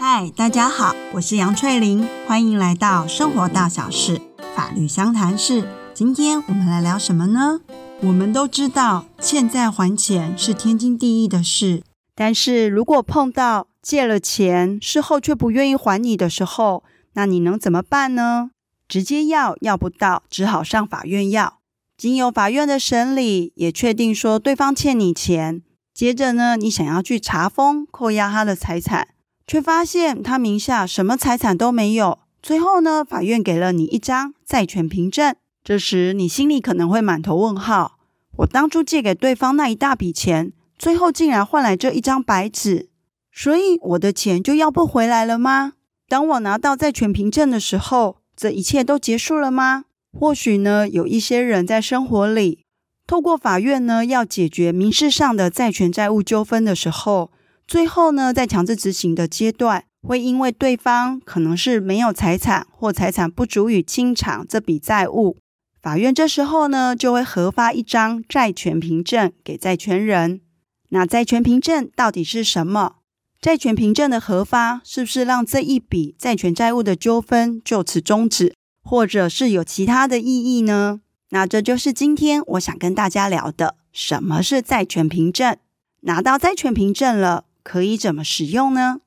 嗨，大家好，我是楊翠玲，歡迎來到生活大小事法律相談室。今天我們來聊什麼呢？我們都知道欠債還錢是天經地義的事，但是如果碰到借了錢事後卻不願意還你的時候，那你能怎麼辦呢？直接要要不到，只好上法院要。經由法院的審理，也確定說對方欠你錢。接着呢，你想要去查封、扣押他的財產，卻發現他名下什麼財產都沒有。最後呢，法院給了你一張債權憑證。這時你心裡可能會滿頭問號：我當初借給對方那一大筆錢，最後竟然換來這一張白紙，所以我的錢就要不回來了嗎？當我拿到債權憑證的時候，這一切都結束了嗎？或許呢，有一些人在生活裡，透過法院呢，要解決民事上的債權債務糾紛的時候，最後呢，在強制執行的階段，會因為對方可能是沒有財產，或財產不足以清償這筆債務，法院這時候呢，就會核發一張債權憑證給債權人。那債權憑證到底是什麼？債權憑證的核發，是不是讓這一筆債權債務的糾紛就此終止？或者是有其他的意義呢？那這就是今天我想跟大家聊的，什麼是債權憑證？拿到債權憑證了，可以怎麼使用呢？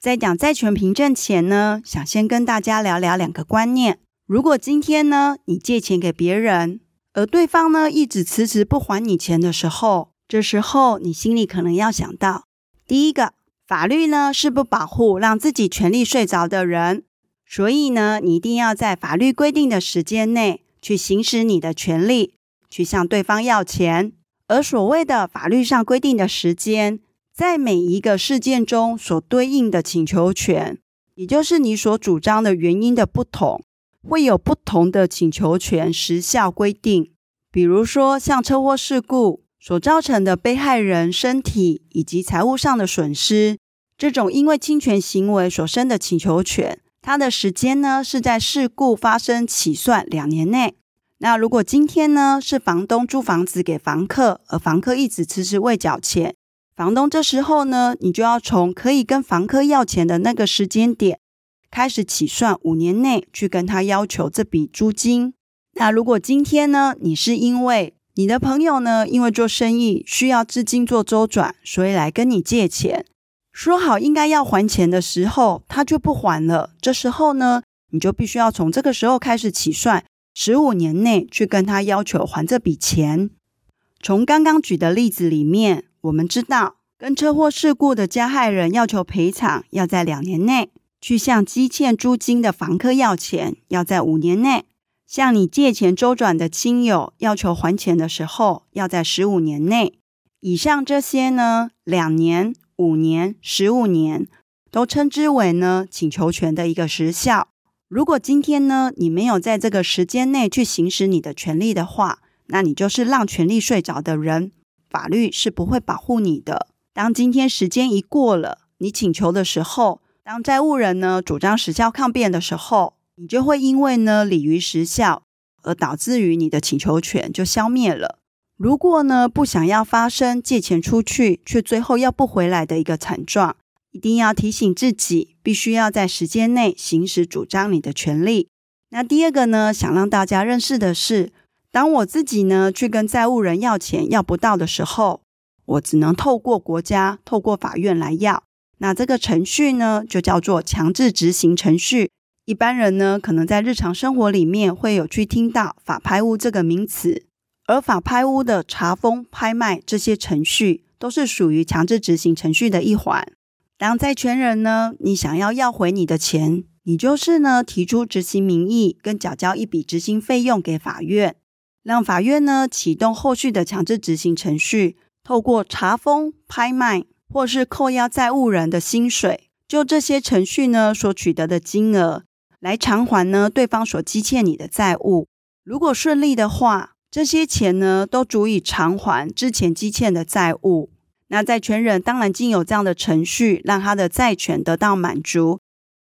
在講債權憑證前呢，想先跟大家聊聊兩個觀念。如果今天呢，你借錢給別人，而對方呢，一直遲遲不還你錢的時候，這時候你心裡可能要想到，第一個，法律呢，是不保護讓自己權利睡着的人。所以呢，你一定要在法律規定的時間內去行使你的權利，去向對方要錢。而所謂的法律上規定的時間，在每一個事件中所對應的請求權，也就是你所主張的原因的不同，會有不同的請求權時效規定。比如說，像車禍事故所造成的被害人身體以及財物上的損失，這種因為侵權行為所生的請求權。它的時間呢，是在事故發生起算兩年內。那如果今天呢，是房東租房子給房客，而房客一直遲遲未繳錢，房東這時候呢，你就要從可以跟房客要錢的那個時間點開始起算五年內去跟他要求這筆租金。那如果今天呢，你是因為你的朋友呢，因為做生意需要資金做周轉，所以來跟你借錢。說好應該要還錢的時候，他就不還了。這時候呢，你就必須要從這個時候開始起算，十五年內去跟他要求還這筆錢。從剛剛舉的例子裡面，我們知道，跟車禍事故的加害人要求賠償，要在兩年內，去向積欠租金的房客要錢，要在五年內，向你借錢周轉的親友要求還錢的時候，要在十五年內。以上這些呢，兩年、五年、十五年都稱之為呢，請求權的一個時效。如果今天呢，你沒有在這個時間內去行使你的權利的話，那你就是讓權利睡着的人，法律是不會保護你的。當今天時間一過了，你請求的時候，當債務人呢主張時效抗辯的時候，你就會因為呢罹於時效而導致於你的請求權就消滅了。如果呢不想要發生借錢出去卻最後要不回來的一個慘狀，一定要提醒自己，必須要在時間內行使主張你的權利。那第二個呢，想讓大家認識的是，當我自己呢去跟債務人要錢要不到的時候，我只能透過國家、透過法院來要。那這個程序呢，就叫做強制執行程序。一般人呢，可能在日常生活裡面會有去聽到法拍屋這個名詞。而法拍屋的查封、拍賣這些程序，都是屬於強制執行程序的一環。當債權人呢，你想要要回你的錢，你就是呢提出執行名義，跟繳交一筆執行費用給法院，讓法院呢啟動後續的強制執行程序，透過查封、拍賣或是扣押債務人的薪水，就這些程序呢所取得的金額，來償還呢對方所積欠你的債務。如果順利的話，這些錢呢，都足以償還之前積欠的債務。那債權人當然經由這樣的程序，讓他的債權得到滿足，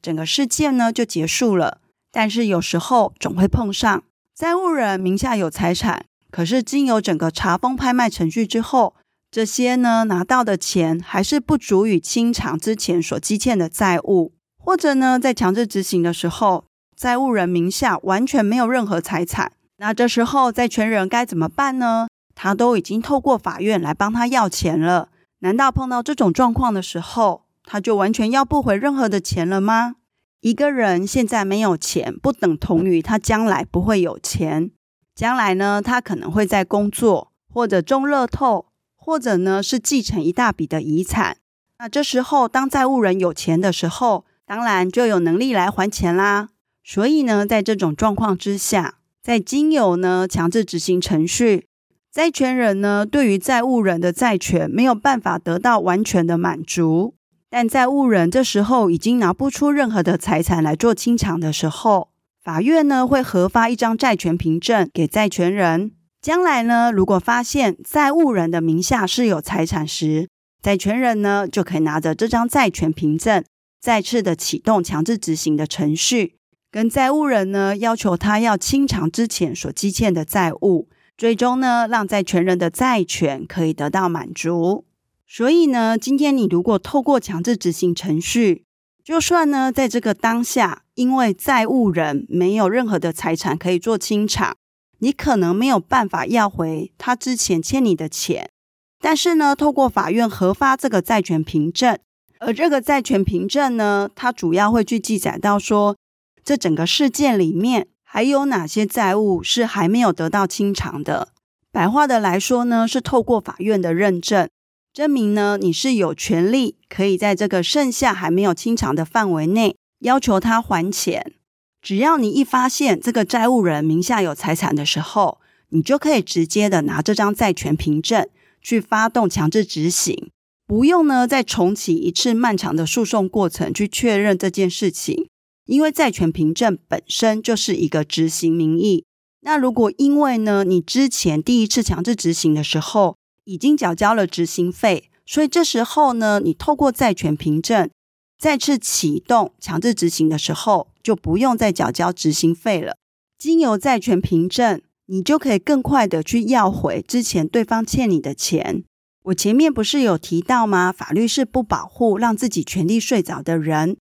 整個事件呢就結束了。但是有時候總會碰上，債務人名下有財產，可是經由整個查封拍賣程序之後，這些呢拿到的錢還是不足以清償之前所積欠的債務，或者呢在強制執行的時候，債務人名下完全沒有任何財產。那這時候債權人該怎麼辦呢？他都已經透過法院來幫他要錢了。難道碰到這種狀況的時候，他就完全要不回任何的錢了嗎？一個人現在沒有錢，不等同於他將來不會有錢。將來呢，他可能會在工作，或者中樂透，或者呢是繼承一大筆的遺產。那這時候，當債務人有錢的時候，當然就有能力來還錢啦。所以呢，在這種狀況之下，在經由呢強制執行程序，債權人呢對於債務人的債權沒有辦法得到完全的滿足，但債務人這時候已經拿不出任何的財產來做清償的時候，法院呢會核發一張債權憑證給債權人。將來呢，如果發現債務人的名下是有財產時，債權人呢就可以拿着這張債權憑證再次的啟動強制執行的程序。跟債務人呢，要求他要清償之前所積欠的債務，最終呢，讓債權人的債權可以得到滿足。所以呢，今天你如果透過強制執行程序，就算呢，在這個當下，因為債務人沒有任何的財產可以做清償，你可能沒有辦法要回他之前欠你的錢。但是呢，透過法院核發這個債權憑證，而這個債權憑證呢，它主要會去記載到說。這整個事件裡面，還有哪些債務是還沒有得到清償的？白話的來說呢，是透過法院的認證，證明呢，你是有權利可以在這個剩下還沒有清償的範圍內，要求他還錢。只要你一發現這個債務人名下有財產的時候，你就可以直接的拿這張債權憑證去發動強制執行，不用呢再重啟一次漫長的訴訟過程去確認這件事情。因為債權憑證本身就是一個執行名義，那如果因為呢，你之前第一次強制執行的時候已經繳交了執行費，所以這時候呢，你透過債權憑證再次啟動強制執行的時候，就不用再繳交執行費了。經由債權憑證，你就可以更快地去要回之前對方欠你的錢。我前面不是有提到嗎？法律是不保護讓自己權利睡着的人。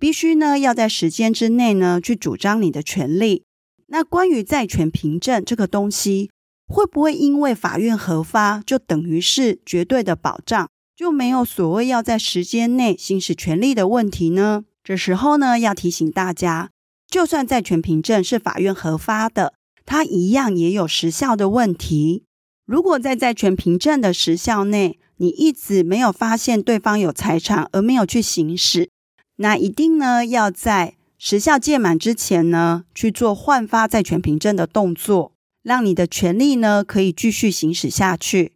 必須呢，要在時間之內呢，去主張你的權利。那關於債權憑證這個東西，會不會因為法院核發就等於是絕對的保障，就沒有所謂要在時間內行使權利的問題呢？這時候呢，要提醒大家，就算債權憑證是法院核發的，它一樣也有時效的問題。如果在債權憑證的時效內，你一直沒有發現對方有財產而沒有去行使，那一定呢，要在時效屆滿之前呢，去做換發債權憑證的動作，讓你的權利呢可以繼續行使下去。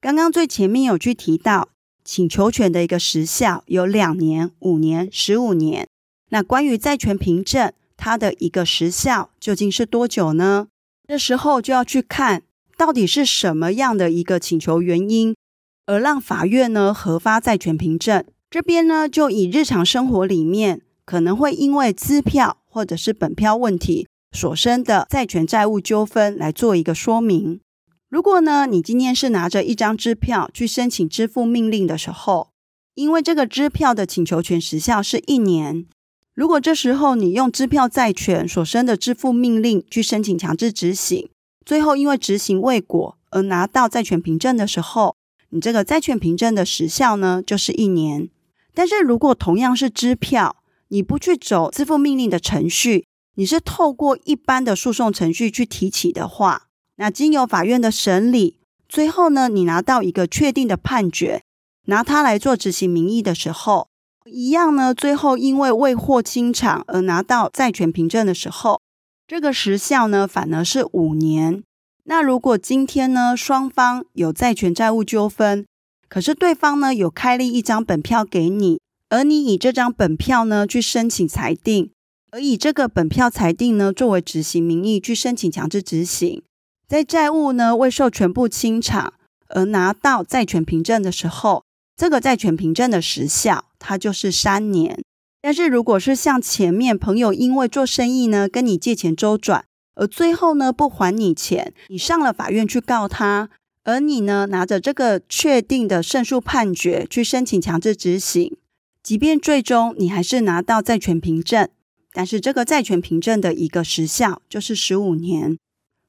剛剛最前面有去提到，請求權的一個時效有兩年、五年、十五年。那關於債權憑證，它的一個時效究竟是多久呢？這時候就要去看到底是什麼樣的一個請求原因，而讓法院呢核發債權憑證。這邊呢，就以日常生活裡面可能會因為支票或者是本票問題所生的債權債務糾紛來做一個說明。如果呢，你今天是拿着一張支票去申請支付命令的時候，因為這個支票的請求權時效是一年。如果這時候你用支票債權所生的支付命令去申請強制執行，最後因為執行未果而拿到債權憑證的時候，你這個債權憑證的時效呢，就是一年。但是如果同樣是支票，你不去走支付命令的程序，你是透過一般的訴訟程序去提起的話，那經由法院的審理，最後呢，你拿到一個確定的判決，拿它來做執行名義的時候，一樣呢，最後因為未獲清償而拿到債權憑證的時候，這個時效呢，反而是五年。那如果今天呢，雙方有債權債務糾紛，可是對方呢，有開立一張本票給你，而你以這張本票呢，去申請裁定，而以這個本票裁定呢，作為執行名義去申請強制執行，在債務呢，未受全部清償而拿到債權憑證的時候，這個債權憑證的時效它就是三年。但是如果是像前面朋友因為做生意呢，跟你借錢周轉，而最後呢，不還你錢，你上了法院去告他。而你呢，拿着這個確定的勝訴判決去申請強制執行，即便最終你還是拿到債權憑證，但是這個債權憑證的一個時效就是十五年。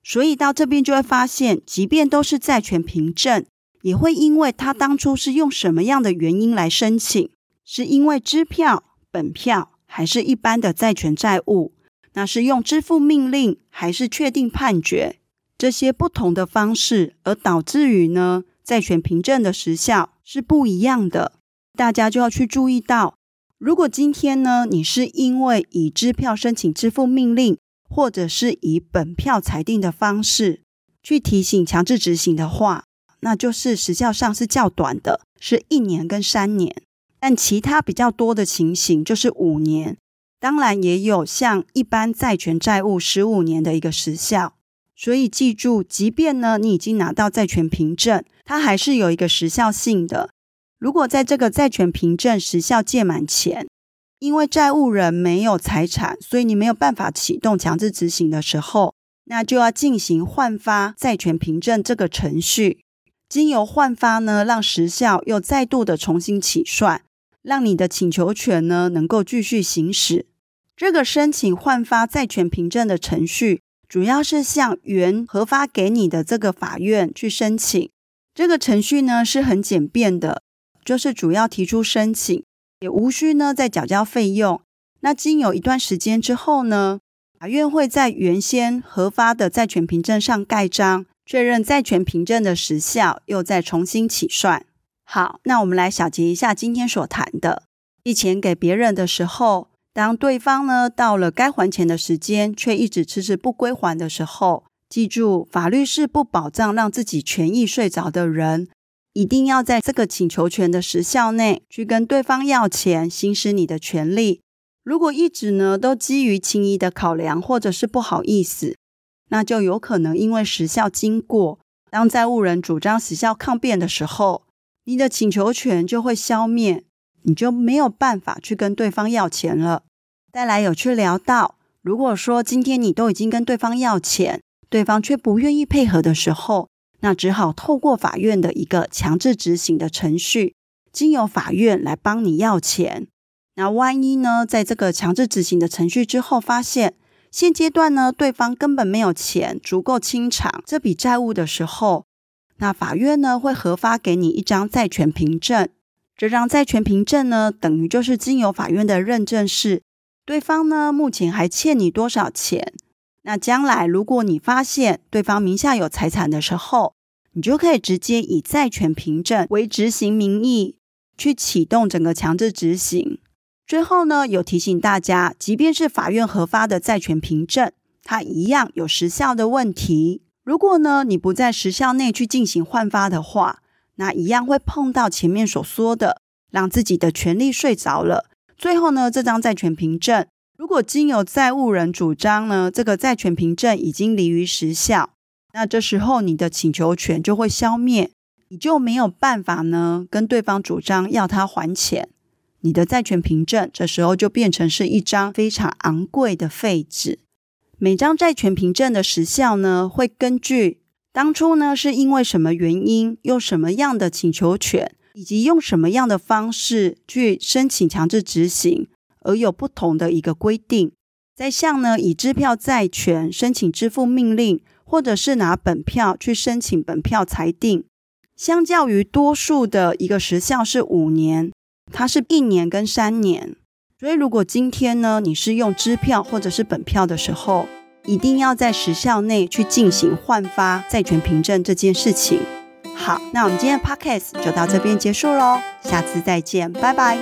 所以到這邊就會發現，即便都是債權憑證，也會因為它當初是用什麼樣的原因來申請，是因為支票、本票，還是一般的債權債務？那是用支付命令，還是確定判決？這些不同的方式，而導致於呢，債權憑證的時效是不一樣的。大家就要去注意到，如果今天呢，你是因為以支票申請支付命令，或者是以本票裁定的方式去提醒強制執行的話，那就是時效上是較短的，是一年跟三年。但其他比較多的情形就是五年，當然也有像一般債權債務十五年的一個時效。所以記住，即便呢，你已經拿到債權憑證，它還是有一個時效性的。如果在這個債權憑證時效屆滿前，因為債務人沒有財產，所以你沒有辦法啟動強制執行的時候，那就要進行換發債權憑證這個程序。經由換發呢，讓時效又再度的重新起算，讓你的請求權呢能夠繼續行使。這個申請換發債權憑證的程序，主要是向原核發給你的這個法院去申請，這個程序呢是很簡便的，就是主要提出申請，也無需呢再繳交費用。那經有一段時間之後呢，法院會在原先核發的債權憑證上蓋章，確認債權憑證的時效又再重新起算。好，那我們來小結一下今天所談的：借錢給別人的時候。當對方呢到了該還錢的時間，卻一直遲遲不歸還的時候，記住，法律是不保障讓自己權益睡着的人，一定要在這個請求權的時效內去跟對方要錢，行使你的權利。如果一直呢都基於情誼的考量，或者是不好意思，那就有可能因為時效經過，當債務人主張時效抗辯的時候，你的請求權就會消滅。你就沒有辦法去跟對方要錢了。再來有去聊到，如果說今天你都已經跟對方要錢，對方卻不願意配合的時候，那只好透過法院的一個強制執行的程序，經由法院來幫你要錢。那萬一呢，在這個強制執行的程序之後，發現現階段呢，對方根本沒有錢足夠清償這筆債務的時候，那法院呢會核發給你一張債權憑證。這張債權憑證呢，等於就是經由法院的認證，是對方呢目前還欠你多少錢。那將來如果你發現對方名下有財產的時候，你就可以直接以債權憑證為執行名義去啟動整個強制執行。最後呢，有提醒大家，即便是法院核發的債權憑證，它一樣有時效的問題。如果呢你不在時效內去進行換發的話，那一樣會碰到前面所說的，讓自己的權利睡着了。最後呢，這張債權憑證如果經由債務人主張呢，這個債權憑證已經罹於時效，那這時候你的請求權就會消滅，你就沒有辦法呢跟對方主張要他還錢。你的債權憑證這時候就變成是一張非常昂貴的廢紙。每張債權憑證的時效呢，會根據。當初呢，是因為什麼原因，用什麼樣的請求權，以及用什麼樣的方式去申請強制執行，而有不同的一個規定。在像呢，以支票債權申請支付命令，或者是拿本票去申請本票裁定，相較於多數的一個時效是五年，它是一年跟三年。所以如果今天呢，你是用支票或者是本票的時候，一定要在時效內去進行換發債權憑證這件事情。好，那我們今天的 Podcast 就到這邊結束嘍，下次再見，拜拜。